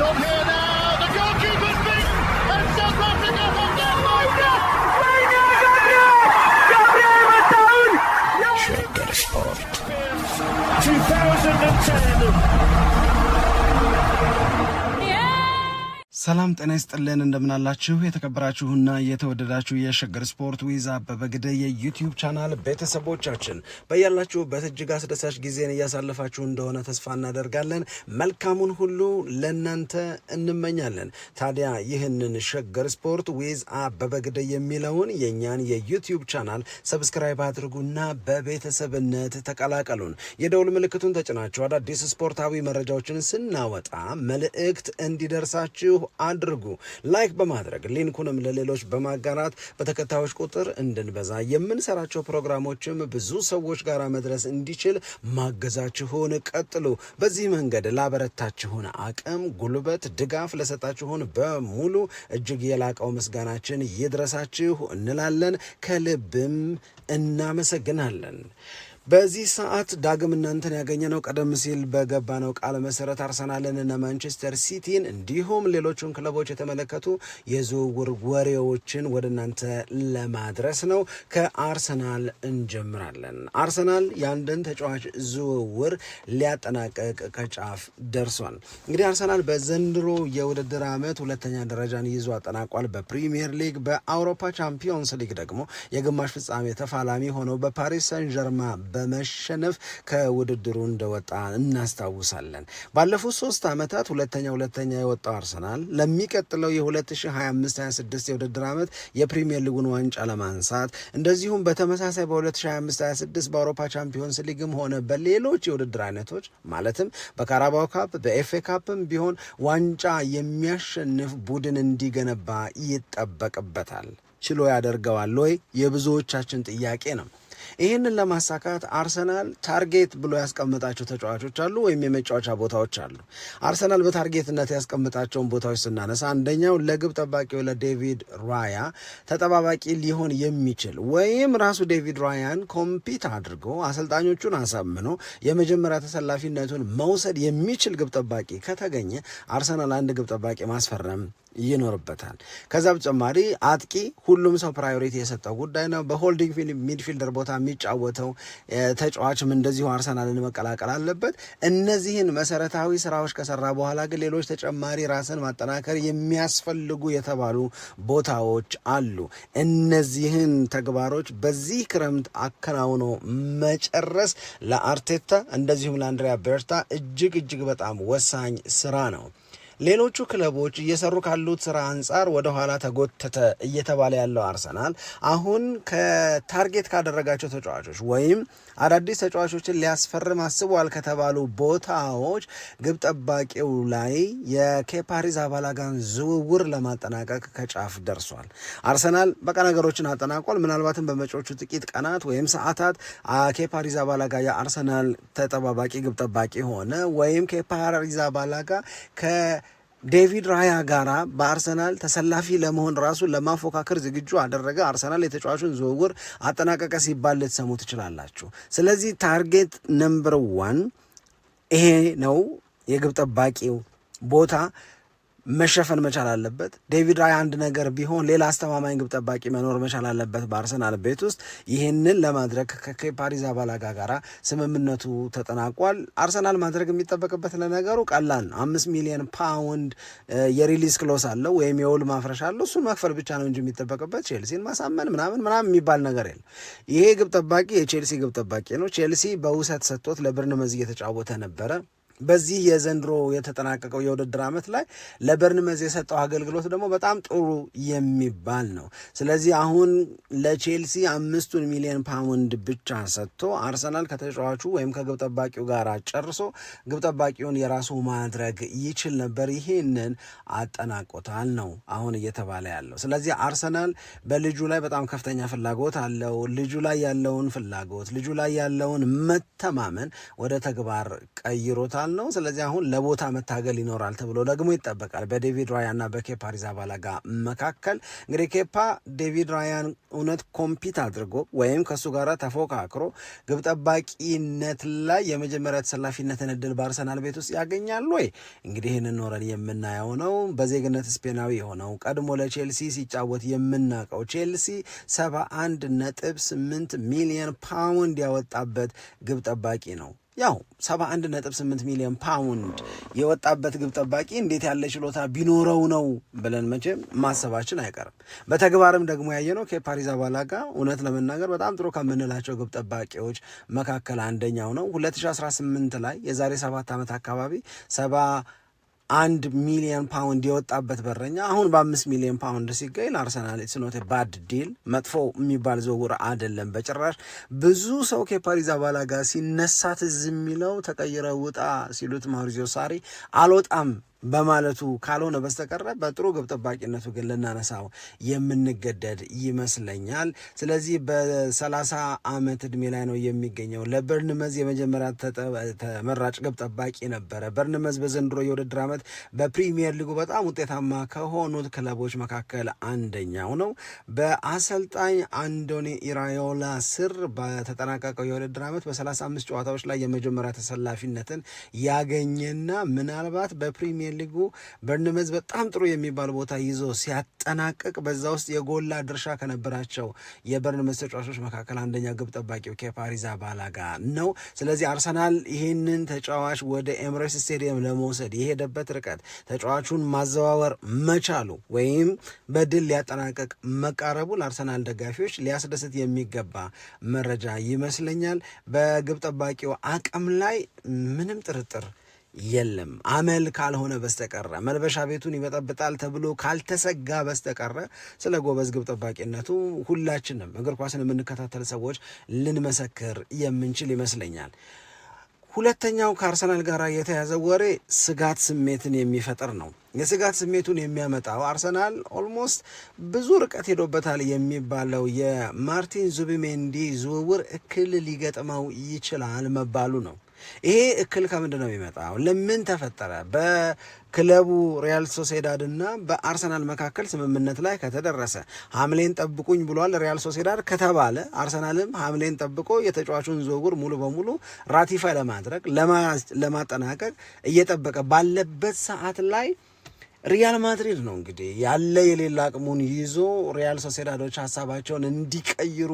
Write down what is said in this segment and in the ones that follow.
on here. ሰላም ጤና ይስጥልን እንደምናላችሁ የተከበራችሁና የተወደዳችሁ የሸገር ስፖርት ዊዝ አበበ ግደይ የዩቲዩብ ቻናል ቤተሰቦቻችን በያላችሁበት እጅግ አስደሳች ጊዜን እያሳለፋችሁ እንደሆነ ተስፋ እናደርጋለን። መልካሙን ሁሉ ለእናንተ እንመኛለን። ታዲያ ይህንን ሸገር ስፖርት ዊዝ አበበ ግደይ የሚለውን የእኛን የዩቲዩብ ቻናል ሰብስክራይብ አድርጉና በቤተሰብነት ተቀላቀሉን። የደውል ምልክቱን ተጭናችሁ አዳዲስ ስፖርታዊ መረጃዎችን ስናወጣ መልእክት እንዲደርሳችሁ አድርጉ። ላይክ በማድረግ ሊንኩንም ለሌሎች በማጋራት በተከታዮች ቁጥር እንድንበዛ የምንሰራቸው ፕሮግራሞችም ብዙ ሰዎች ጋር መድረስ እንዲችል ማገዛችሁን ቀጥሉ። በዚህ መንገድ ላበረታችሁን አቅም፣ ጉልበት፣ ድጋፍ ለሰጣችሁን በሙሉ እጅግ የላቀው ምስጋናችን ይድረሳችሁ እንላለን። ከልብም እናመሰግናለን። በዚህ ሰዓት ዳግም እናንተን ያገኘነው ቀደም ሲል በገባ ነው ቃል መሰረት አርሰናልን እና ማንቸስተር ሲቲን እንዲሁም ሌሎቹን ክለቦች የተመለከቱ የዝውውር ወሬዎችን ወደ እናንተ ለማድረስ ነው። ከአርሰናል እንጀምራለን። አርሰናል የአንድን ተጫዋች ዝውውር ሊያጠናቀቅ ከጫፍ ደርሷል። እንግዲህ አርሰናል በዘንድሮ የውድድር ዓመት ሁለተኛ ደረጃን ይዞ አጠናቋል። በፕሪሚየር ሊግ፣ በአውሮፓ ቻምፒዮንስ ሊግ ደግሞ የግማሽ ፍጻሜ ተፋላሚ ሆነው በፓሪስ ሰን ጀርማ በመሸነፍ ከውድድሩ እንደወጣ እናስታውሳለን። ባለፉት ሶስት ዓመታት ሁለተኛ ሁለተኛ የወጣው አርሰናል ለሚቀጥለው የ2025/26 የውድድር ዓመት የፕሪምየር ሊጉን ዋንጫ ለማንሳት እንደዚሁም በተመሳሳይ በ2025/26 በአውሮፓ ቻምፒዮንስ ሊግም ሆነ በሌሎች የውድድር አይነቶች ማለትም በካራባው ካፕ በኤፍኤ ካፕም ቢሆን ዋንጫ የሚያሸንፍ ቡድን እንዲገነባ ይጠበቅበታል። ችሎ ያደርገዋል ወይ? የብዙዎቻችን ጥያቄ ነው። ይህንን ለማሳካት አርሰናል ታርጌት ብሎ ያስቀምጣቸው ተጫዋቾች አሉ ወይም የመጫወቻ ቦታዎች አሉ። አርሰናል በታርጌትነት ያስቀምጣቸውን ቦታዎች ስናነሳ አንደኛው ለግብ ጠባቂው ለዴቪድ ራያ ተጠባባቂ ሊሆን የሚችል ወይም ራሱ ዴቪድ ራያን ኮምፒት አድርጎ አሰልጣኞቹን አሳምኖ የመጀመሪያ ተሰላፊነቱን መውሰድ የሚችል ግብ ጠባቂ ከተገኘ አርሰናል አንድ ግብ ጠባቂ ማስፈረም ይኖርበታል። ከዛ በተጨማሪ አጥቂ ሁሉም ሰው ፕራዮሪቲ የሰጠው ጉዳይ ነው። በሆልዲንግ ሚድፊልደር ቦታ የሚጫወተው ተጫዋችም እንደዚሁ አርሰናልን መቀላቀል አለበት። እነዚህን መሰረታዊ ስራዎች ከሰራ በኋላ ግን ሌሎች ተጨማሪ ራስን ማጠናከር የሚያስፈልጉ የተባሉ ቦታዎች አሉ። እነዚህን ተግባሮች በዚህ ክረምት አከናውኖ መጨረስ ለአርቴታ እንደዚሁም ለአንድሪያ በርታ እጅግ እጅግ በጣም ወሳኝ ስራ ነው። ሌሎቹ ክለቦች እየሰሩ ካሉት ስራ አንጻር ወደኋላ ተጎተተ እየተባለ ያለው አርሰናል አሁን ከታርጌት ካደረጋቸው ተጫዋቾች ወይም አዳዲስ ተጫዋቾችን ሊያስፈርም አስቧል ከተባሉ ቦታዎች ግብ ጠባቂው ላይ የኬፓሪዝ አባላጋን ዝውውር ለማጠናቀቅ ከጫፍ ደርሷል። አርሰናል በቃ ነገሮችን አጠናቋል። ምናልባትም በመጪዎቹ ጥቂት ቀናት ወይም ሰዓታት ኬፓሪዝ አባላጋ የአርሰናል ተጠባባቂ ግብ ጠባቂ ሆነ ወይም ኬፓሪዝ አባላጋ ከ ዴቪድ ራያ ጋራ በአርሰናል ተሰላፊ ለመሆን ራሱን ለማፎካከር ዝግጁ አደረገ። አርሰናል የተጫዋቹን ዝውውር አጠናቀቀ ሲባል ልትሰሙ ትችላላችሁ። ስለዚህ ታርጌት ነምበር ዋን ይሄ ነው የግብ ጠባቂው ቦታ መሸፈን መቻል አለበት። ዴቪድ ራይ አንድ ነገር ቢሆን ሌላ አስተማማኝ ግብ ጠባቂ መኖር መቻል አለበት በአርሰናል ቤት ውስጥ። ይህንን ለማድረግ ከፓሪዝ አባላጋ ጋር ስምምነቱ ተጠናቋል። አርሰናል ማድረግ የሚጠበቅበት ለነገሩ ቀላል ነው። አምስት ሚሊዮን ፓውንድ የሪሊዝ ክሎስ አለው ወይም የውል ማፍረሻ አለው። እሱን መክፈል ብቻ ነው እንጂ የሚጠበቅበት ቼልሲን ማሳመን ምናምን ምናምን የሚባል ነገር የለም። ይሄ ግብ ጠባቂ የቼልሲ ግብ ጠባቂ ነው። ቼልሲ በውሰት ሰጥቶት ለብርንመዝ እየተጫወተ ነበረ። በዚህ የዘንድሮ የተጠናቀቀው የውድድር ዓመት ላይ ለበርንመዝ የሰጠው አገልግሎት ደግሞ በጣም ጥሩ የሚባል ነው። ስለዚህ አሁን ለቼልሲ አምስቱን ሚሊዮን ፓውንድ ብቻ ሰጥቶ አርሰናል ከተጫዋቹ ወይም ከግብ ጠባቂው ጋር ጨርሶ ግብ ጠባቂውን የራሱ ማድረግ ይችል ነበር። ይህንን አጠናቆታል ነው አሁን እየተባለ ያለው። ስለዚህ አርሰናል በልጁ ላይ በጣም ከፍተኛ ፍላጎት አለው። ልጁ ላይ ያለውን ፍላጎት፣ ልጁ ላይ ያለውን መተማመን ወደ ተግባር ቀይሮታል። ፕላን ነው። ስለዚህ አሁን ለቦታ መታገል ይኖራል ተብሎ ደግሞ ይጠበቃል በዴቪድ ራያ እና በኬፓ አሪዛባላጋ መካከል። እንግዲህ ኬፓ ዴቪድ ራያን እውነት ኮምፒት አድርጎ ወይም ከእሱ ጋር ተፎካክሮ ግብ ጠባቂነት ላይ የመጀመሪያ ተሰላፊነትን እድል በአርሰናል ቤት ውስጥ ያገኛሉ ወይ? እንግዲህ ይህን ኖረን የምናየው ነው። በዜግነት ስፔናዊ የሆነው ቀድሞ ለቼልሲ ሲጫወት የምናውቀው ቼልሲ ሰባ አንድ ነጥብ ስምንት ሚሊየን ፓውንድ ያወጣበት ግብ ጠባቂ ነው። ያው 71.8 ሚሊዮን ፓውንድ የወጣበት ግብ ጠባቂ እንዴት ያለ ችሎታ ቢኖረው ነው ብለን መቼም ማሰባችን አይቀርም። በተግባርም ደግሞ ያየነው ከፓሪዝ አባላጋ እውነት ለመናገር በጣም ጥሩ ከምንላቸው ግብ ጠባቂዎች መካከል አንደኛው ነው። 2018 ላይ የዛሬ ሰባት ዓመት አካባቢ 70 አንድ ሚሊዮን ፓውንድ የወጣበት በረኛ አሁን በአምስት ሚሊዮን ፓውንድ ሲገኝ ለአርሰናል ስኖት ባድ ዲል መጥፎ የሚባል ዝውውር አይደለም በጭራሽ። ብዙ ሰው ከፓሪዝ አባላ ጋር ሲነሳት ዝ የሚለው ተቀይረ ውጣ ሲሉት ማሪዚዮ ሳሪ አልወጣም በማለቱ ካልሆነ በስተቀረ በጥሩ ግብ ጠባቂነቱ ግን ልናነሳው የምንገደድ ይመስለኛል። ስለዚህ በሰላሳ ዓመት እድሜ ላይ ነው የሚገኘው። ለበርንመዝ የመጀመሪያ ተመራጭ ግብ ጠባቂ ነበረ። በርንመዝ በዘንድሮ የውድድር ዓመት በፕሪሚየር ሊጉ በጣም ውጤታማ ከሆኑት ክለቦች መካከል አንደኛው ነው። በአሰልጣኝ አንዶኒ ኢራዮላ ስር በተጠናቀቀው የውድድር ዓመት በሰላሳ አምስት ጨዋታዎች ላይ የመጀመሪያ ተሰላፊነትን ያገኘና ምናልባት በፕሪሚየር ፕሪሚየር ሊጉ በርንመዝ በጣም ጥሩ የሚባል ቦታ ይዞ ሲያጠናቅቅ በዛ ውስጥ የጎላ ድርሻ ከነበራቸው የበርንመዝ ተጫዋቾች መካከል አንደኛ ግብ ጠባቂው ኬፓ አሪዛባላጋ ነው። ስለዚህ አርሰናል ይህንን ተጫዋች ወደ ኤምሬስ ስቴዲየም ለመውሰድ የሄደበት ርቀት ተጫዋቹን ማዘዋወር መቻሉ ወይም በድል ሊያጠናቀቅ መቃረቡ ለአርሰናል ደጋፊዎች ሊያስደስት የሚገባ መረጃ ይመስለኛል። በግብ ጠባቂው አቅም ላይ ምንም ጥርጥር የለም አመል ካልሆነ በስተቀረ መልበሻ ቤቱን ይበጠብጣል ተብሎ ካልተሰጋ በስተቀረ ስለ ጎበዝ ግብ ጠባቂነቱ ሁላችንም እግር ኳስን የምንከታተል ሰዎች ልንመሰክር የምንችል ይመስለኛል። ሁለተኛው ከአርሰናል ጋር የተያዘ ወሬ ስጋት ስሜትን የሚፈጥር ነው። የስጋት ስሜቱን የሚያመጣው አርሰናል ኦልሞስት ብዙ ርቀት ሄዶበታል የሚባለው የማርቲን ዙቢሜንዲ ዝውውር እክል ሊገጥመው ይችላል መባሉ ነው። ይሄ እክል ከምንድን ነው የሚመጣው? ለምን ተፈጠረ? በክለቡ ሪያል ሶሴዳድ እና በአርሰናል መካከል ስምምነት ላይ ከተደረሰ ሐምሌን ጠብቁኝ ብሏል ሪያል ሶሴዳድ ከተባለ አርሰናልም ሐምሌን ጠብቆ የተጫዋቹን ዝውውር ሙሉ በሙሉ ራቲፋይ ለማድረግ ለማጠናቀቅ እየጠበቀ ባለበት ሰዓት ላይ ሪያል ማድሪድ ነው እንግዲህ ያለ የሌላ አቅሙን ይዞ ሪያል ሶሴዳዶች ሀሳባቸውን እንዲቀይሩ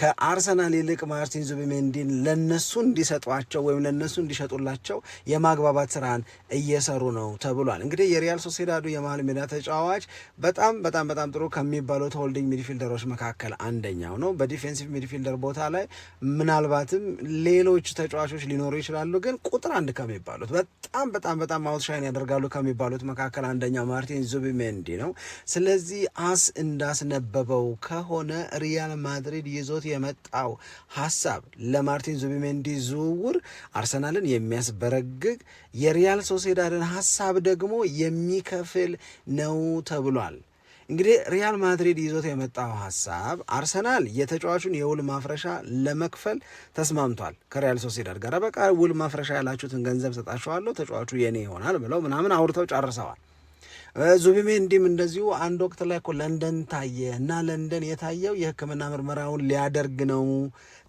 ከአርሰናል ይልቅ ማርቲን ዙቢሜንዲን ለነሱ እንዲሰጧቸው ወይም ለነሱ እንዲሸጡላቸው የማግባባት ስራን እየሰሩ ነው ተብሏል። እንግዲህ የሪያል ሶሴዳዱ የመሀል ሜዳ ተጫዋች በጣም በጣም በጣም ጥሩ ከሚባሉት ሆልዲንግ ሚድፊልደሮች መካከል አንደኛው ነው። በዲፌንሲቭ ሚድፊልደር ቦታ ላይ ምናልባትም ሌሎች ተጫዋቾች ሊኖሩ ይችላሉ፣ ግን ቁጥር አንድ ከሚባሉት በጣም በጣም በጣም አውትሻይን ያደርጋሉ ከሚባሉት መካከል አንደኛው ማርቲን ዙቢሜንዲ ነው። ስለዚህ አስ እንዳስነበበው ከሆነ ሪያል ማድሪድ ይዞት የመጣው ሀሳብ ለማርቲን ዙቢሜንዲ ዝውውር አርሰናልን የሚያስበረግግ የሪያል ሶሴዳድን ሀሳብ ደግሞ የሚከፍል ነው ተብሏል። እንግዲህ ሪያል ማድሪድ ይዞት የመጣው ሀሳብ አርሰናል የተጫዋቹን የውል ማፍረሻ ለመክፈል ተስማምቷል ከሪያል ሶሴዳድ ጋር። በቃ ውል ማፍረሻ ያላችሁትን ገንዘብ ሰጣችኋለሁ፣ ተጫዋቹ የኔ ይሆናል ብለው ምናምን አውርተው ጨርሰዋል። ዙቢሜንዲም እንደዚሁ አንድ ወቅት ላይ እኮ ለንደን ታየ እና ለንደን የታየው የሕክምና ምርመራውን ሊያደርግ ነው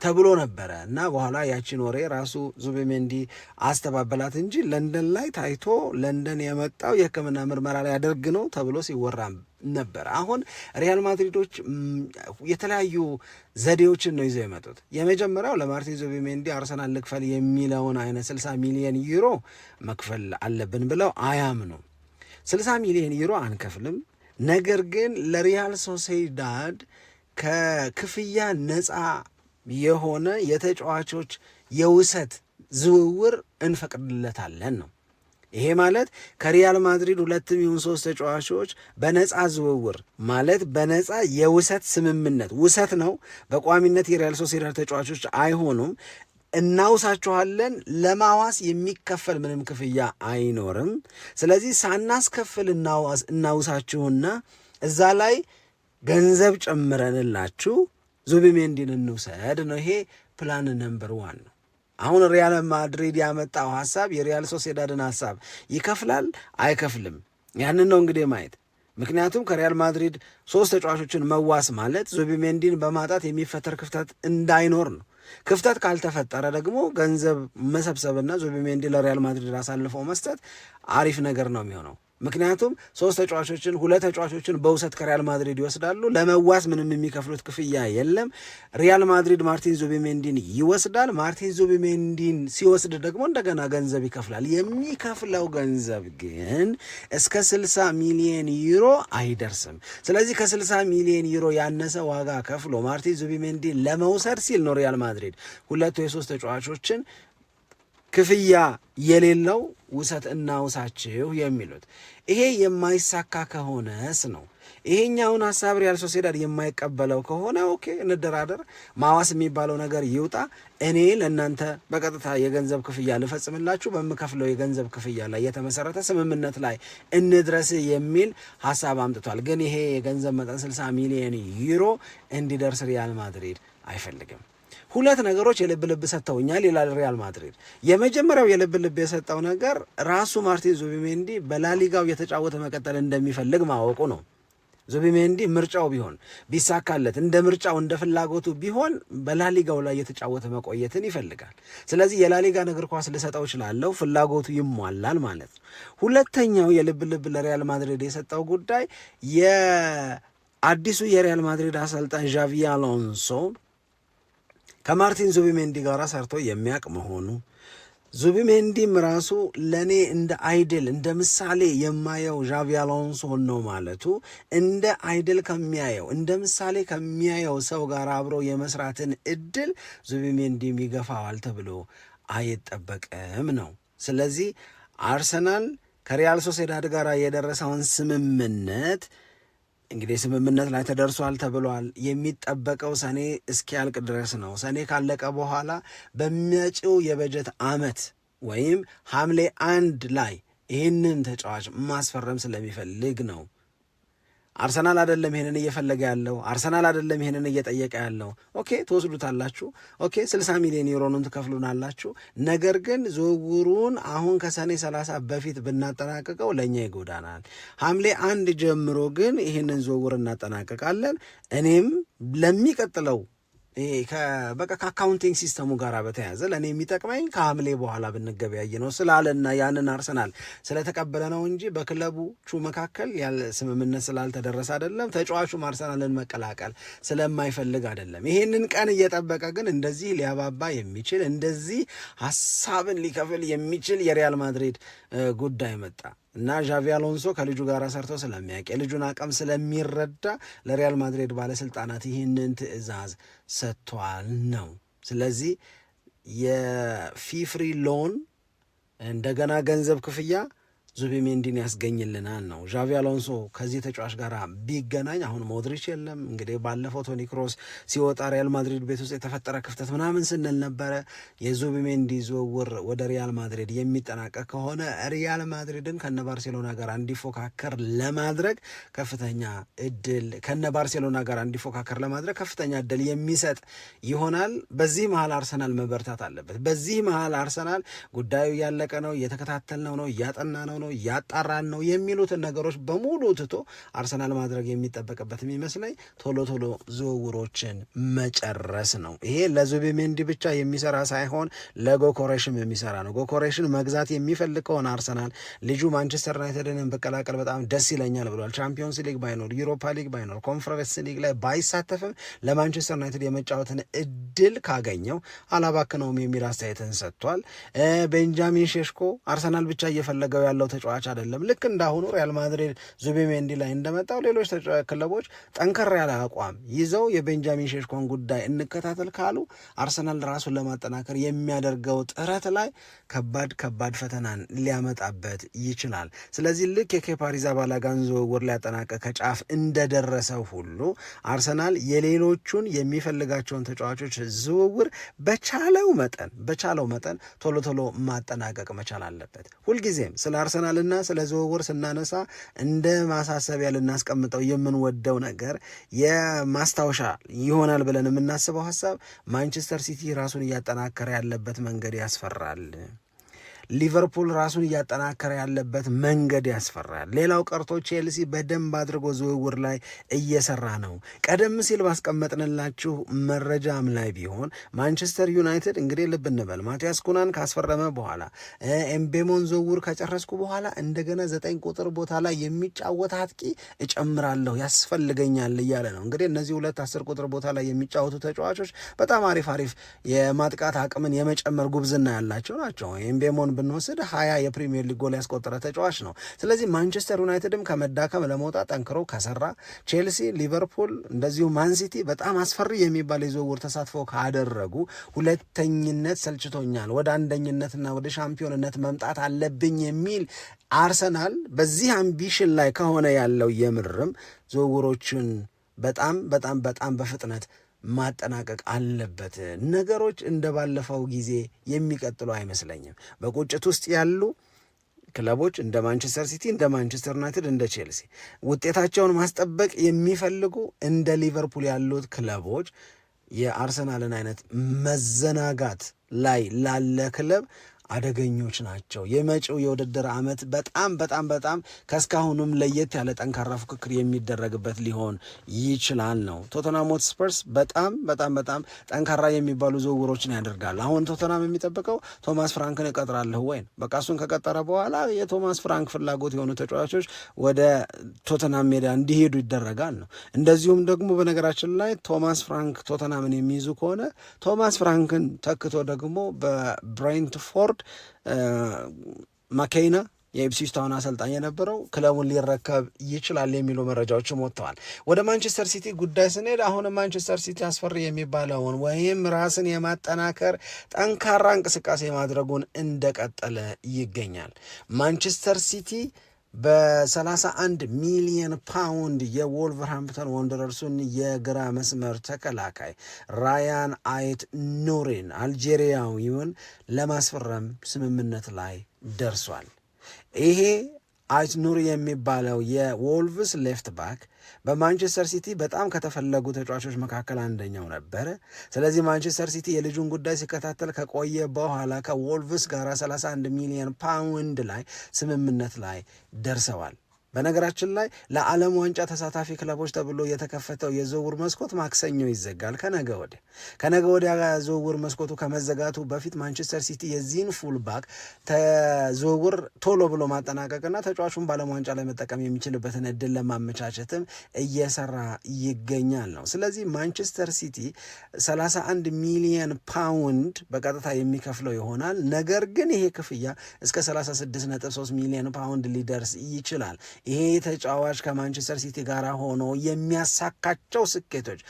ተብሎ ነበረ እና በኋላ ያቺን ወሬ ራሱ ዙቢሜንዲ አስተባበላት እንጂ ለንደን ላይ ታይቶ ለንደን የመጣው የሕክምና ምርመራ ሊያደርግ ነው ተብሎ ሲወራ ነበር። አሁን ሪያል ማድሪዶች የተለያዩ ዘዴዎችን ነው ይዘው የመጡት። የመጀመሪያው ለማርቲን ዙቢሜንዲ አርሰናል ልክፈል የሚለውን አይነት 60 ሚሊዮን ዩሮ መክፈል አለብን ብለው አያምኑም። 60 ሚሊዮን ዩሮ አንከፍልም፣ ነገር ግን ለሪያል ሶሴዳድ ከክፍያ ነፃ የሆነ የተጫዋቾች የውሰት ዝውውር እንፈቅድለታለን ነው። ይሄ ማለት ከሪያል ማድሪድ ሁለትም ይሁን ሶስት ተጫዋቾች በነፃ ዝውውር ማለት በነፃ የውሰት ስምምነት ውሰት ነው። በቋሚነት የሪያል ሶሴዳድ ተጫዋቾች አይሆኑም። እናውሳችኋለን። ለማዋስ የሚከፈል ምንም ክፍያ አይኖርም። ስለዚህ ሳናስከፍል እናውሳችሁና እዛ ላይ ገንዘብ ጨምረንላችሁ ዙቢሜንዲን እንውሰድ ነው። ይሄ ፕላን ነምበር ዋን ነው። አሁን ሪያል ማድሪድ ያመጣው ሀሳብ የሪያል ሶሴዳድን ሀሳብ ይከፍላል አይከፍልም? ያንን ነው እንግዲህ ማየት ምክንያቱም ከሪያል ማድሪድ ሶስት ተጫዋቾችን መዋስ ማለት ዙቢሜንዲን በማጣት የሚፈጠር ክፍተት እንዳይኖር ነው። ክፍተት ካልተፈጠረ ደግሞ ገንዘብ መሰብሰብና ዙቢሜንዲ ለሪያል ማድሪድ አሳልፈው መስጠት አሪፍ ነገር ነው የሚሆነው። ምክንያቱም ሶስት ተጫዋቾችን ሁለት ተጫዋቾችን በውሰት ከሪያል ማድሪድ ይወስዳሉ። ለመዋስ ምንም የሚከፍሉት ክፍያ የለም። ሪያል ማድሪድ ማርቲን ዙቢሜንዲን ይወስዳል። ማርቲን ዙቢሜንዲን ሲወስድ ደግሞ እንደገና ገንዘብ ይከፍላል። የሚከፍለው ገንዘብ ግን እስከ 60 ሚሊየን ዩሮ አይደርስም። ስለዚህ ከ60 ሚሊየን ዩሮ ያነሰ ዋጋ ከፍሎ ማርቲን ዙቢሜንዲን ለመውሰድ ሲል ነው ሪያል ማድሪድ ሁለቱ የሶስት ተጫዋቾችን ክፍያ የሌለው ውሰት እናውሳችሁ የሚሉት ይሄ የማይሳካ ከሆነስ ነው። ይሄኛውን ሀሳብ ሪያል ሶሴዳድ የማይቀበለው ከሆነ ኦኬ እንደራደር፣ ማዋስ የሚባለው ነገር ይውጣ። እኔ ለእናንተ በቀጥታ የገንዘብ ክፍያ ልፈጽምላችሁ፣ በምከፍለው የገንዘብ ክፍያ ላይ የተመሰረተ ስምምነት ላይ እንድረስ የሚል ሀሳብ አምጥቷል። ግን ይሄ የገንዘብ መጠን 60 ሚሊዮን ዩሮ እንዲደርስ ሪያል ማድሪድ አይፈልግም። ሁለት ነገሮች የልብ ልብ ሰጥተውኛል ይላል ሪያል ማድሪድ። የመጀመሪያው የልብ ልብ የሰጠው ነገር ራሱ ማርቲን ዙቢሜንዲ በላሊጋው የተጫወተ መቀጠል እንደሚፈልግ ማወቁ ነው። ዙቢሜንዲ ምርጫው ቢሆን ቢሳካለት እንደ ምርጫው እንደ ፍላጎቱ ቢሆን በላሊጋው ላይ የተጫወተ መቆየትን ይፈልጋል። ስለዚህ የላሊጋን እግር ኳስ ልሰጠው እችላለሁ፣ ፍላጎቱ ይሟላል ማለት ነው። ሁለተኛው የልብ ልብ ለሪያል ማድሪድ የሰጠው ጉዳይ የአዲሱ የሪያል ማድሪድ አሰልጣኝ ዣቪ አሎንሶ ከማርቲን ዙቢሜንዲ ጋር ሰርቶ የሚያውቅ መሆኑ ዙቢሜንዲም ራሱ ለእኔ እንደ አይድል እንደ ምሳሌ የማየው ዣቪ አሎንሶን ነው ማለቱ እንደ አይድል ከሚያየው እንደ ምሳሌ ከሚያየው ሰው ጋር አብሮ የመስራትን እድል ዙቢሜንዲም ይገፋዋል ተብሎ አይጠበቅም ነው። ስለዚህ አርሰናል ከሪያል ሶሴዳድ ጋር የደረሰውን ስምምነት እንግዲህ ስምምነት ላይ ተደርሷል ተብሏል። የሚጠበቀው ሰኔ እስኪያልቅ ድረስ ነው። ሰኔ ካለቀ በኋላ በሚያጭው የበጀት አመት ወይም ሐምሌ አንድ ላይ ይህንን ተጫዋች ማስፈረም ስለሚፈልግ ነው አርሰናል አይደለም ይሄንን እየፈለገ ያለው፣ አርሰናል አይደለም ይሄንን እየጠየቀ ያለው። ኦኬ ትወስዱታላችሁ። ኦኬ 60 ሚሊዮን ዩሮንም ትከፍሉናላችሁ። ነገር ግን ዝውውሩን አሁን ከሰኔ 30 በፊት ብናጠናቅቀው ለእኛ ይጎዳናል። ሐምሌ አንድ ጀምሮ ግን ይህንን ዝውውር እናጠናቅቃለን። እኔም ለሚቀጥለው ይሄ በቃ ከአካውንቲንግ ሲስተሙ ጋር በተያያዘ ለእኔ የሚጠቅመኝ ከሐምሌ በኋላ ብንገበያይ ነው ስላለና ያንን አርሰናል ስለተቀበለ ነው እንጂ በክለቦቹ መካከል ያለ ስምምነት ስላልተደረሰ አይደለም። ተጫዋቹም አርሰናልን መቀላቀል ስለማይፈልግ አይደለም። ይሄንን ቀን እየጠበቀ ግን እንደዚህ ሊያባባ የሚችል እንደዚህ ሀሳብን ሊከፍል የሚችል የሪያል ማድሪድ ጉዳይ መጣ። እና ዣቪ አሎንሶ ከልጁ ጋር ሰርቶ ስለሚያውቅ የልጁን አቅም ስለሚረዳ ለሪያል ማድሪድ ባለስልጣናት ይህንን ትዕዛዝ ሰጥቷል ነው። ስለዚህ የፊፍሪ ሎን እንደገና ገንዘብ ክፍያ ዙቢሜንዲን ያስገኝልናል ነው። ዣቪ አሎንሶ ከዚህ ተጫዋች ጋር ቢገናኝ አሁን ሞድሪች የለም። እንግዲህ ባለፈው ቶኒ ክሮስ ሲወጣ ሪያል ማድሪድ ቤት ውስጥ የተፈጠረ ክፍተት ምናምን ስንል ነበረ። የዙቢሜንዲ ዝውውር ወደ ሪያል ማድሪድ የሚጠናቀቅ ከሆነ ሪያል ማድሪድን ከነ ባርሴሎና ጋር እንዲፎካከር ለማድረግ ከፍተኛ እድል ከነ ባርሴሎና ጋር እንዲፎካከር ለማድረግ ከፍተኛ እድል የሚሰጥ ይሆናል። በዚህ መሀል አርሰናል መበርታት አለበት። በዚህ መሀል አርሰናል ጉዳዩ እያለቀ ነው፣ እየተከታተልነው ነው፣ እያጠናነው ነው ነው እያጣራን ነው የሚሉትን ነገሮች በሙሉ ትቶ አርሰናል ማድረግ የሚጠበቅበት የሚመስለኝ ቶሎ ቶሎ ዝውውሮችን መጨረስ ነው። ይሄ ለዙቢሜንዲ ብቻ የሚሰራ ሳይሆን ለጎኮሬሽን የሚሰራ ነው። ጎኮሬሽን መግዛት የሚፈልግ ከሆነ አርሰናል ልጁ ማንቸስተር ዩናይትድን ብቀላቀል በጣም ደስ ይለኛል ብሏል። ቻምፒዮንስ ሊግ ባይኖር ዩሮፓ ሊግ ባይኖር ኮንፈረንስ ሊግ ላይ ባይሳተፍም ለማንቸስተር ዩናይትድ የመጫወትን እድል ካገኘው አላባክነውም የሚል አስተያየትን ሰጥቷል። ቤንጃሚን ሼሽኮ አርሰናል ብቻ እየፈለገው ያለው ተጫዋች አይደለም። ልክ እንዳሁኑ ሪያል ማድሪድ ዙቤሜንዲ ላይ እንደመጣው ሌሎች ክለቦች ጠንከር ያለ አቋም ይዘው የቤንጃሚን ሼሽኮን ጉዳይ እንከታተል ካሉ አርሰናል ራሱን ለማጠናከር የሚያደርገው ጥረት ላይ ከባድ ከባድ ፈተናን ሊያመጣበት ይችላል። ስለዚህ ልክ የኬፓ አሪዛባላጋን ዝውውር ሊያጠናቀቅ ከጫፍ እንደደረሰው ሁሉ አርሰናል የሌሎቹን የሚፈልጋቸውን ተጫዋቾች ዝውውር በቻለው መጠን በቻለው መጠን ቶሎ ቶሎ ማጠናቀቅ መቻል አለበት። ሁልጊዜም ስለ አርሰናል ብለናልና ስለ ዝውውር ስናነሳ እንደ ማሳሰቢያ ልናስቀምጠው የምንወደው ነገር የማስታወሻ ይሆናል ብለን የምናስበው ሀሳብ ማንቸስተር ሲቲ ራሱን እያጠናከረ ያለበት መንገድ ያስፈራል። ሊቨርፑል ራሱን እያጠናከረ ያለበት መንገድ ያስፈራል። ሌላው ቀርቶ ቼልሲ በደንብ አድርጎ ዝውውር ላይ እየሰራ ነው። ቀደም ሲል ባስቀመጥንላችሁ መረጃም ላይ ቢሆን ማንቸስተር ዩናይትድ እንግዲህ ልብ እንበል ማቲያስ ኩናን ካስፈረመ በኋላ ኤምቤሞን ዝውውር ከጨረስኩ በኋላ እንደገና ዘጠኝ ቁጥር ቦታ ላይ የሚጫወት አጥቂ እጨምራለሁ ያስፈልገኛል እያለ ነው። እንግዲህ እነዚህ ሁለት አስር ቁጥር ቦታ ላይ የሚጫወቱ ተጫዋቾች በጣም አሪፍ አሪፍ የማጥቃት አቅምን የመጨመር ጉብዝና ያላቸው ናቸው። ኤምቤሞን ብንወስድ ሀያ የፕሪሚየር ሊግ ጎል ያስቆጠረ ተጫዋች ነው። ስለዚህ ማንቸስተር ዩናይትድም ከመዳከም ለመውጣት ጠንክሮ ከሰራ ቼልሲ፣ ሊቨርፑል እንደዚሁ ማንሲቲ በጣም አስፈሪ የሚባል የዝውውር ተሳትፎ ካደረጉ ሁለተኝነት ሰልችቶኛል፣ ወደ አንደኝነትና ወደ ሻምፒዮንነት መምጣት አለብኝ የሚል አርሰናል በዚህ አምቢሽን ላይ ከሆነ ያለው የምርም ዝውውሮችን በጣም በጣም በጣም በፍጥነት ማጠናቀቅ አለበት። ነገሮች እንደ ባለፈው ጊዜ የሚቀጥሉ አይመስለኝም። በቁጭት ውስጥ ያሉ ክለቦች እንደ ማንቸስተር ሲቲ፣ እንደ ማንቸስተር ዩናይትድ፣ እንደ ቼልሲ ውጤታቸውን ማስጠበቅ የሚፈልጉ እንደ ሊቨርፑል ያሉት ክለቦች የአርሰናልን አይነት መዘናጋት ላይ ላለ ክለብ አደገኞች ናቸው። የመጪው የውድድር ዓመት በጣም በጣም በጣም ከእስካሁኑም ለየት ያለ ጠንካራ ፉክክር የሚደረግበት ሊሆን ይችላል ነው። ቶተናም ሆትስፐርስ በጣም በጣም በጣም ጠንካራ የሚባሉ ዝውውሮችን ያደርጋል። አሁን ቶተናም የሚጠብቀው ቶማስ ፍራንክን እቀጥራለሁ ወይ ነው። በቃ እሱን ከቀጠረ በኋላ የቶማስ ፍራንክ ፍላጎት የሆኑ ተጫዋቾች ወደ ቶተናም ሜዳ እንዲሄዱ ይደረጋል ነው። እንደዚሁም ደግሞ በነገራችን ላይ ቶማስ ፍራንክ ቶተናምን የሚይዙ ከሆነ ቶማስ ፍራንክን ተክቶ ደግሞ በብሬንትፎርድ ቦርድ ማካይና የኢፕስዊች ታውን አሰልጣኝ የነበረው ክለቡን ሊረከብ ይችላል የሚሉ መረጃዎችም ወጥተዋል። ወደ ማንቸስተር ሲቲ ጉዳይ ስንሄድ አሁንም ማንቸስተር ሲቲ አስፈሪ የሚባለውን ወይም ራስን የማጠናከር ጠንካራ እንቅስቃሴ ማድረጉን እንደቀጠለ ይገኛል። ማንቸስተር ሲቲ በ31 ሚሊየን ፓውንድ የወልቨርሃምፕተን ወንደረርሱን የግራ መስመር ተከላካይ ራያን አይት ኑሪን አልጄሪያዊውን ለማስፈረም ስምምነት ላይ ደርሷል። ይሄ አይት ኑሪ የሚባለው የወልቭስ ሌፍት ባክ በማንቸስተር ሲቲ በጣም ከተፈለጉ ተጫዋቾች መካከል አንደኛው ነበረ። ስለዚህ ማንቸስተር ሲቲ የልጁን ጉዳይ ሲከታተል ከቆየ በኋላ ከዎልቭስ ጋር 31 ሚሊዮን ፓውንድ ላይ ስምምነት ላይ ደርሰዋል። በነገራችን ላይ ለዓለም ዋንጫ ተሳታፊ ክለቦች ተብሎ የተከፈተው የዝውውር መስኮት ማክሰኞ ይዘጋል። ከነገ ወዲያ ከነገ ወዲያ ዝውውር መስኮቱ ከመዘጋቱ በፊት ማንቸስተር ሲቲ የዚህን ፉልባክ ዝውውር ቶሎ ብሎ ማጠናቀቅና ተጫዋቹን በዓለም ዋንጫ ላይ መጠቀም የሚችልበትን እድል ለማመቻቸትም እየሰራ ይገኛል ነው። ስለዚህ ማንቸስተር ሲቲ 31 ሚሊየን ፓውንድ በቀጥታ የሚከፍለው ይሆናል። ነገር ግን ይሄ ክፍያ እስከ 36.3 ሚሊየን ፓውንድ ሊደርስ ይችላል። ይሄ ተጫዋች ከማንቸስተር ሲቲ ጋር ሆኖ የሚያሳካቸው ስኬቶች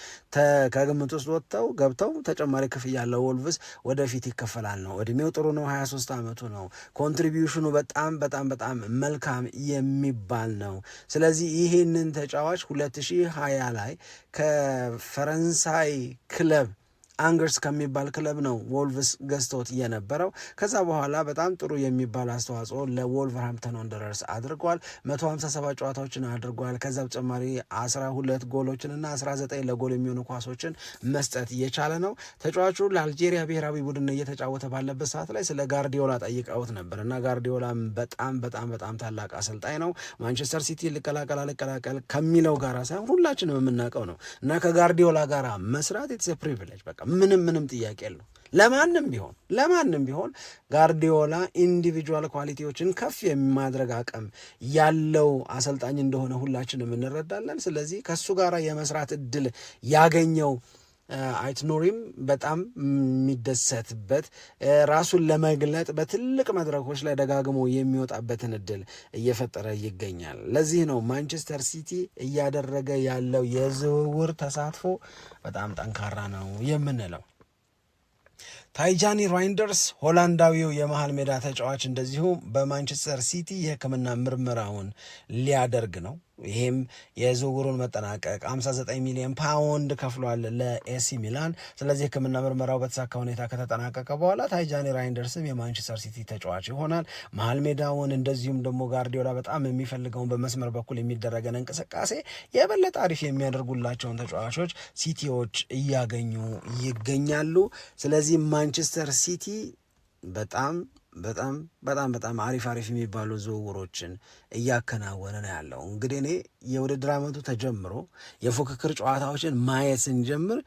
ከግምት ውስጥ ወጥተው ገብተው ተጨማሪ ክፍያ ያለው ወልቭስ ወደፊት ይከፈላል ነው። እድሜው ጥሩ ነው፣ 23 ዓመቱ ነው። ኮንትሪቢሽኑ በጣም በጣም በጣም መልካም የሚባል ነው። ስለዚህ ይህንን ተጫዋች 2020 ላይ ከፈረንሳይ ክለብ አንገርስ ከሚባል ክለብ ነው ወልቭስ ገዝቶት የነበረው። ከዛ በኋላ በጣም ጥሩ የሚባል አስተዋጽኦ ለወልቨርሃምተን ወንደረርስ አድርጓል። 157 ጨዋታዎችን አድርጓል። ከዛ በተጨማሪ 12 ጎሎችንና 19 ለጎል የሚሆኑ ኳሶችን መስጠት የቻለ ነው። ተጫዋቹ ለአልጄሪያ ብሔራዊ ቡድን እየተጫወተ ባለበት ሰዓት ላይ ስለ ጋርዲዮላ ጠይቀውት ነበር እና ጋርዲዮላ በጣም በጣም በጣም ታላቅ አሰልጣኝ ነው። ማንቸስተር ሲቲ ልቀላቀል አልቀላቀል ከሚለው ጋራ ሳይሆን ሁላችንም የምናውቀው ነው እና ከጋርዲዮላ ጋራ መስራት የተሰ ፕሪቪሌጅ በቃ ምንም ምንም ጥያቄ የለው። ለማንም ቢሆን ለማንም ቢሆን ጋርዲዮላ ኢንዲቪጁዋል ኳሊቲዎችን ከፍ የማድረግ አቅም ያለው አሰልጣኝ እንደሆነ ሁላችንም እንረዳለን። ስለዚህ ከእሱ ጋር የመስራት እድል ያገኘው አይትኖሪም በጣም የሚደሰትበት ራሱን ለመግለጥ በትልቅ መድረኮች ላይ ደጋግሞ የሚወጣበትን እድል እየፈጠረ ይገኛል። ለዚህ ነው ማንቸስተር ሲቲ እያደረገ ያለው የዝውውር ተሳትፎ በጣም ጠንካራ ነው የምንለው። ታይጃኒ ራይንደርስ ሆላንዳዊው የመሃል ሜዳ ተጫዋች እንደዚሁ በማንቸስተር ሲቲ የሕክምና ምርመራውን ሊያደርግ ነው። ይህም የዝውውሩን መጠናቀቅ 59 ሚሊዮን ፓውንድ ከፍሏል ለኤሲ ሚላን። ስለዚህ ሕክምና ምርመራው በተሳካ ሁኔታ ከተጠናቀቀ በኋላ ታይጃኒ ራይንደርስም የማንቸስተር ሲቲ ተጫዋች ይሆናል። መሀል ሜዳውን እንደዚሁም ደግሞ ጋርዲዮላ በጣም የሚፈልገውን በመስመር በኩል የሚደረገን እንቅስቃሴ የበለጠ አሪፍ የሚያደርጉላቸውን ተጫዋቾች ሲቲዎች እያገኙ ይገኛሉ። ስለዚህ ማንቸስተር ሲቲ በጣም በጣም በጣም በጣም አሪፍ አሪፍ የሚባሉ ዝውውሮችን እያከናወነ ነው ያለው። እንግዲህ እኔ የውድድር ዓመቱ ተጀምሮ የፉክክር ጨዋታዎችን ማየት ስንጀምር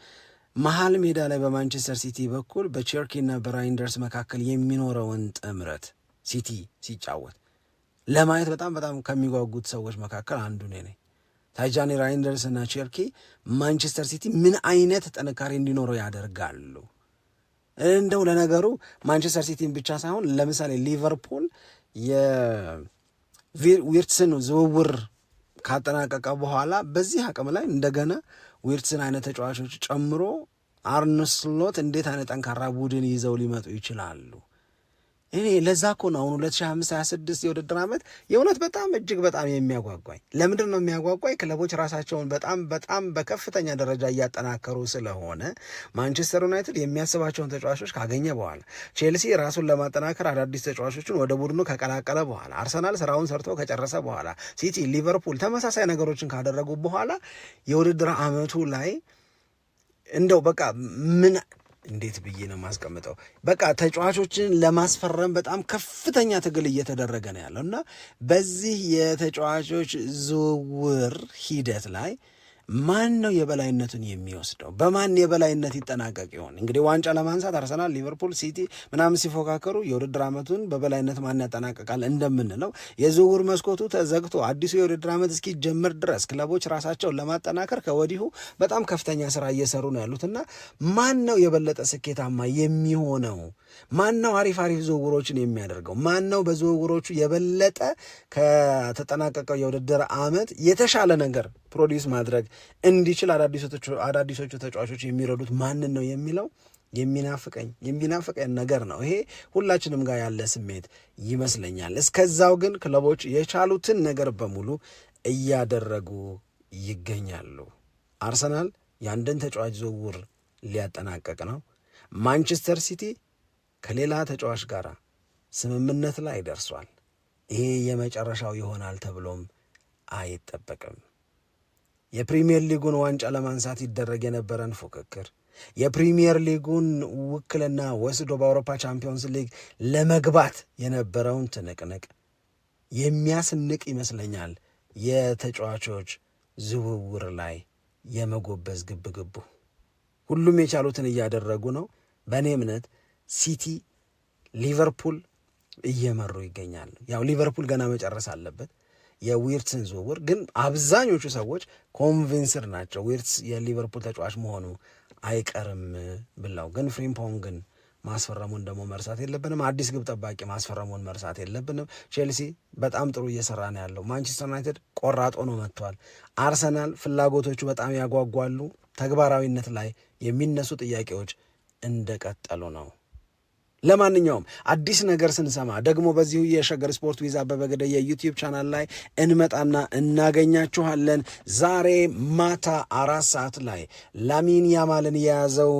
መሀል ሜዳ ላይ በማንቸስተር ሲቲ በኩል በቸርኪ እና በራይንደርስ መካከል የሚኖረውን ጥምረት ሲቲ ሲጫወት ለማየት በጣም በጣም ከሚጓጉት ሰዎች መካከል አንዱ እኔ ነኝ። ታይጃኒ ራይንደርስ እና ቸርኪ ማንቸስተር ሲቲ ምን አይነት ጥንካሬ እንዲኖረው ያደርጋሉ እንደው ለነገሩ ማንቸስተር ሲቲን ብቻ ሳይሆን ለምሳሌ ሊቨርፑል የዊርትስን ዝውውር ካጠናቀቀ በኋላ በዚህ አቅም ላይ እንደገና ዊርትስን አይነት ተጫዋቾች ጨምሮ አርነ ስሎት እንዴት አይነት ጠንካራ ቡድን ይዘው ሊመጡ ይችላሉ? እኔ ለዛ እኮ ነው አሁን 2025/26 የውድድር ዓመት የእውነት በጣም እጅግ በጣም የሚያጓጓኝ። ለምንድን ነው የሚያጓጓኝ? ክለቦች ራሳቸውን በጣም በጣም በከፍተኛ ደረጃ እያጠናከሩ ስለሆነ ማንቸስተር ዩናይትድ የሚያስባቸውን ተጫዋቾች ካገኘ በኋላ፣ ቼልሲ ራሱን ለማጠናከር አዳዲስ ተጫዋቾችን ወደ ቡድኑ ከቀላቀለ በኋላ፣ አርሰናል ስራውን ሰርቶ ከጨረሰ በኋላ፣ ሲቲ፣ ሊቨርፑል ተመሳሳይ ነገሮችን ካደረጉ በኋላ የውድድር ዓመቱ ላይ እንደው በቃ ምን እንዴት ብዬ ነው የማስቀምጠው? በቃ ተጫዋቾችን ለማስፈረም በጣም ከፍተኛ ትግል እየተደረገ ነው ያለው እና በዚህ የተጫዋቾች ዝውውር ሂደት ላይ ማን ነው የበላይነቱን የሚወስደው? በማን የበላይነት ይጠናቀቅ ይሆን? እንግዲህ ዋንጫ ለማንሳት አርሰናል፣ ሊቨርፑል፣ ሲቲ ምናምን ሲፎካከሩ የውድድር ዓመቱን በበላይነት ማን ያጠናቀቃል እንደምንለው የዝውውር መስኮቱ ተዘግቶ አዲሱ የውድድር ዓመት እስኪጀምር ድረስ ክለቦች ራሳቸውን ለማጠናከር ከወዲሁ በጣም ከፍተኛ ስራ እየሰሩ ነው እና ማን ነው የበለጠ ስኬታማ የሚሆነው? ማን ነው አሪፍ አሪፍ ዝውውሮችን የሚያደርገው? ማን ነው በዝውውሮቹ የበለጠ ከተጠናቀቀው የውድድር ዓመት የተሻለ ነገር ፕሮዲውስ ማድረግ እንዲችል አዳዲሶቹ ተጫዋቾች የሚረዱት ማንን ነው የሚለው የሚናፍቀኝ የሚናፍቀኝ ነገር ነው። ይሄ ሁላችንም ጋር ያለ ስሜት ይመስለኛል። እስከዛው ግን ክለቦች የቻሉትን ነገር በሙሉ እያደረጉ ይገኛሉ። አርሰናል የአንድን ተጫዋች ዝውውር ሊያጠናቀቅ ነው። ማንቸስተር ሲቲ ከሌላ ተጫዋች ጋር ስምምነት ላይ ደርሷል። ይሄ የመጨረሻው ይሆናል ተብሎም አይጠበቅም። የፕሪምየር ሊጉን ዋንጫ ለማንሳት ይደረግ የነበረን ፉክክር የፕሪምየር ሊጉን ውክልና ወስዶ በአውሮፓ ቻምፒዮንስ ሊግ ለመግባት የነበረውን ትንቅንቅ የሚያስንቅ ይመስለኛል። የተጫዋቾች ዝውውር ላይ የመጎበዝ ግብግቡ ሁሉም የቻሉትን እያደረጉ ነው። በእኔ እምነት ሲቲ፣ ሊቨርፑል እየመሩ ይገኛሉ። ያው ሊቨርፑል ገና መጨረስ አለበት። የዊርትን ዝውውር ግን አብዛኞቹ ሰዎች ኮንቪንስር ናቸው ዊርትስ የሊቨርፑል ተጫዋች መሆኑ አይቀርም ብለው፣ ግን ፍሪምፖንግን ማስፈረሙን ደግሞ መርሳት የለብንም። አዲስ ግብ ጠባቂ ማስፈረሙን መርሳት የለብንም። ቼልሲ በጣም ጥሩ እየሰራ ነው ያለው። ማንቸስተር ዩናይትድ ቆራጦ ነው መጥቷል። አርሰናል ፍላጎቶቹ በጣም ያጓጓሉ። ተግባራዊነት ላይ የሚነሱ ጥያቄዎች እንደቀጠሉ ነው። ለማንኛውም አዲስ ነገር ስንሰማ ደግሞ በዚሁ የሸገር ስፖርት ዊዝ አበበ ገደ የዩቲዩብ ቻናል ላይ እንመጣና እናገኛችኋለን። ዛሬ ማታ አራት ሰዓት ላይ ላሚን ያማልን የያዘው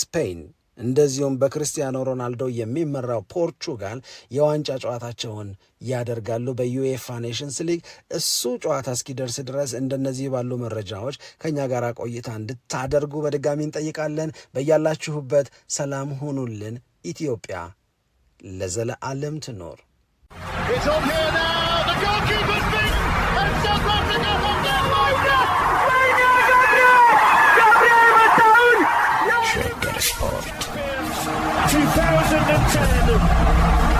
ስፔን እንደዚሁም በክርስቲያኖ ሮናልዶ የሚመራው ፖርቹጋል የዋንጫ ጨዋታቸውን ያደርጋሉ በዩኤፋ ኔሽንስ ሊግ። እሱ ጨዋታ እስኪደርስ ድረስ እንደነዚህ ባሉ መረጃዎች ከእኛ ጋር ቆይታ እንድታደርጉ በድጋሚ እንጠይቃለን። በያላችሁበት ሰላም ሁኑልን። ኢትዮጵያ ለዘለዓለም ትኖር። ሸገር ስፖርት 2010